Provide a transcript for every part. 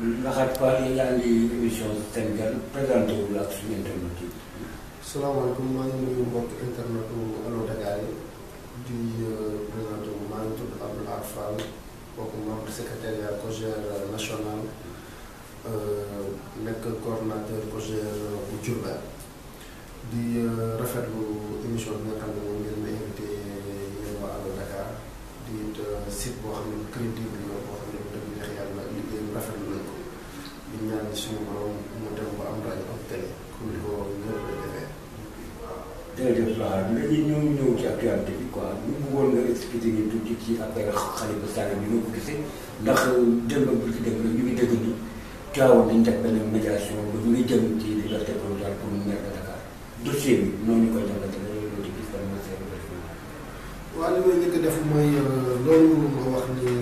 Ndaxate Fall yi nga andi émission seen gan présenté wu la ak suñu internet yi. salaamaaleykum maa ngi nuyu mbokk internet bu Dakar yi di euh, présenté wu maa ngi tudd Abdou Lahad Fall kooku membre secrétariat COJER national euh, nekk coordonnateur COJER bu Diourbel di euh, rafetlu émission bi nga ngeen ma invité yéen Dakar di it site boo xam ne crédible ñaan suñu borom mu dem ba am rajo ak télé comme li ko ñëpp la defee. jërëjëf waaw nga ñëw ñëw ci actualité bi quoi ñu bëggoon nga expliqué ñu tuuti ci affaire Khalifa Sall bi nga ko gisee ndax démb bu ci dem ñu ngi dégg ni Tivaouane dañ teg benn médiation ba ñu ngi jëm ci liberté provisoire pour mu maire de Dakar dossier bi noonu ñu koy jàllale loolu la ñu gis ban message la. waaw li may njëkk a def mooy euh, loolu nga wax ni.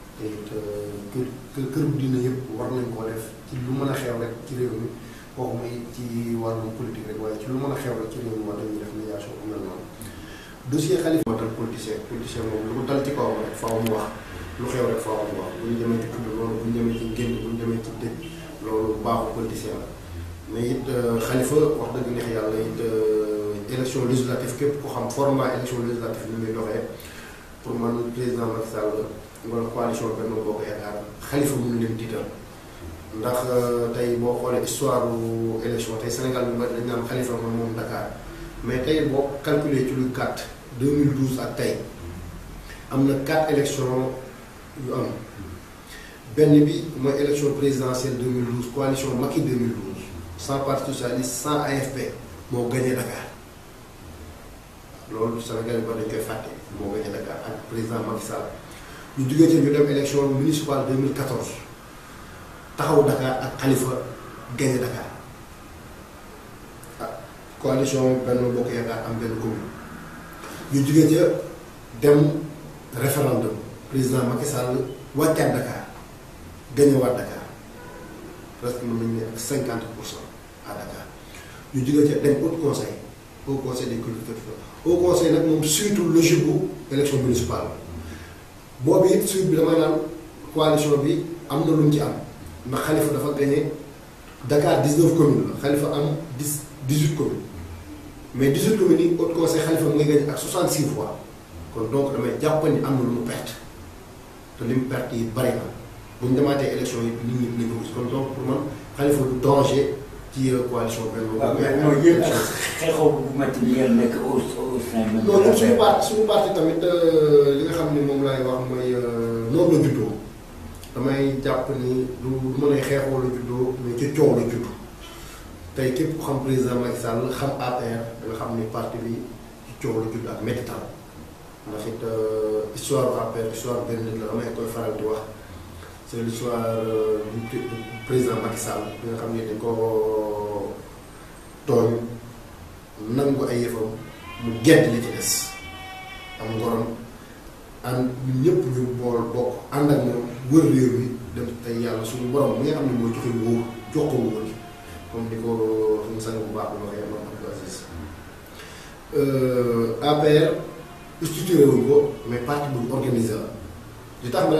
te it kër kër këru diine yëpp war nañ koo def ci lu mën a xew rek ci réew mi waxuma it ci wàllum politique rek waaye ci lu mën a xew rek ci réew mi war nañu def médiation bu mel noonu dossier Khalifa moo dal politicien politicien moom lu ko dal ci kawam rek faaw mu wax lu xew rek faaw mu wax bu ñu demee ci tudd loolu bu ñu demee ci génn bu ñu demee ci dëj loolu baaxu politicien la mais it Khalifa wax dëgg neex yàlla it élection législative képp ku xam format élection législative ni muy doxee pour le président Macky Sall coalition ndax euh, histoire élection Sénégal Dakar mais calculer ci lu en 2012 ak tey quatre élections yu bi élection présidentielle 2012 coalition Macky 2012 sans parti socialiste sans AFP moo gagné Dakar Sénégal Mau gagné Dakar ak président Macky Sall ñu jugee ci ñu dem élection municipale 2014 taxaw Dakar ak Khalifa gagné Dakar ah coalition benn bokk yaakaar am benn commune ñu jugee ca dem référendum président Macky Sall wàccaat Dakar gagné waat Dakar presque mën nañu ne ak à Dakar ñu jugee ca dem haut conseil au conseil des collectivités au conseil nag moom surtout logique bu élections municipale bon bien suite bi dama naan coalition bi am na lu ñu ci am ndax xalifa dafa gagné Dakar 19 communes la am 18 communes mais 18 communes yi conseil xalifa mu gagné ak 66 voix Donc, donc damay jàpp ni am na lu mu perte te li mu perte yi bari na bu ñu demaatee élection yi nit ñi dinañ donc pour danger. ci coalition benn waaw mais non yéen ak xeexoo bu métti bi ngeen nekk au au sein. non ñun suñu parti suñu parti tamit euh, li nga xam ne moom laay wax mooy euh, noonu la juddoo damay jàpp ni lu mën a xeexoo la juddoo mais ci coow la juddoo tey képp ku xam président Macky Sall xam APR da xam ni parti bi ci coow la juddoo ak métti tam ndax it euh, histoire histoire benn nit la damay koy faral di wax. c' est le choix euh, président Macky Sall bi nga xam ne dañ ko tooñ nangu ay yëfam mu gedd li ci des am ngorom ànd ñëpp ñu bool bokk ànd ak moom wër réew mi dem tey yàlla suñu borom mi nga xam ne mooy joxe wóor jox ko wóor comme di ko suñu sang bu baax bu waxee moom Abdou Aziz APR structuré ko mais parti bu organisé la di tax ma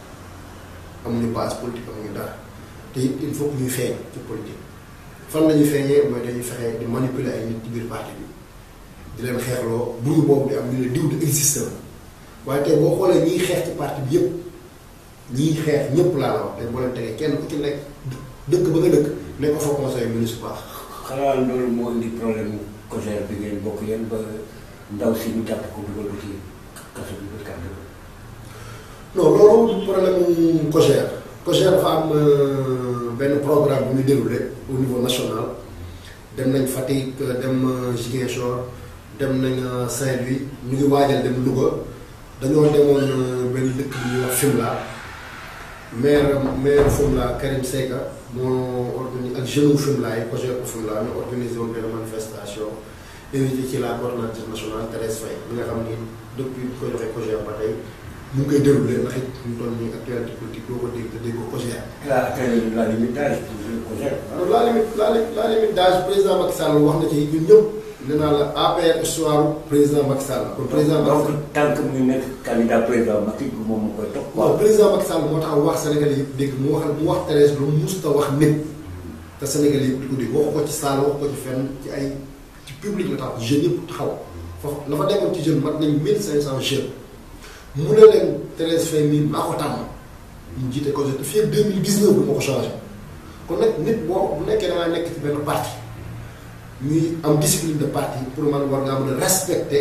amuñu base politique amuñu dara te il faut que ñuy feeñ ci politique fan la ñuy feeñee mooy dañuy fexee di manipuler ay nit ci biir parti bi di leen xeexloo buñu boobu di am diw di existe la waaye tey boo xoolee ñiy xeex ci parti bi yëpp ñiy xeex ñëpp laa la wax tey boo leen tegee kenn ku ci nekk dëkk ba nga dëkk nekk fa conseil municipal. xanaa loolu moo indi problème conseil bi ngeen bokk yéen ba ndaw si ñu jàpp ko dugal ko ci kaso bi ba kàddu non loolu problème mu COJER COJER dafa am euh, benn programme bu ñu déroulé au niveau national dem nañ Fatick euh, dem euh, Ziguinchor dem nañ Saint-Louis ñu ngi waajal dem Louga dañoo demoon benn dëkk bu ñuy wax Fimela maire maire Fimela Karim Seka moo organise ak jeune Fimela yi COJER bu Fimela ñu organisé woon benn manifestation invité ci la coordonnatrice nationale Thérèse Faye bi nga xam ni depuis ñu ko joxee ba tey ñu ngi koy déroulé ndax it ñu doon ñu actualité politique boo ko dégg dégg ko OGM. la la limite d'âge président Macky Sall wax na ci ñun ñëpp nee naa la APR histoire président Macky Sall. kon président Macky Sall mu nekk candidat moo koy topp. waaw président Macky Sall moo tax wax Sénégal yi dégg mu wax mu wax Thérèse lu mu musta wax nit te Sénégal yi di ko dégg waxu ko ci Sall waxu ko ci fenn ci ay ci public la tax jeunes yëpp taxaw foofu la fa nekkoon ci jeune mat nañu mille cinq cent mu ne leen Thérèse Faye mii maa ko tàmm mu jiite conseil te fii ak deux mille dix neuf bi ma ko changé kon nag boo bu nekkee da ngaa nekk ci benn parti ñuy am discipline de parti pour man war ngaa mën a respecter.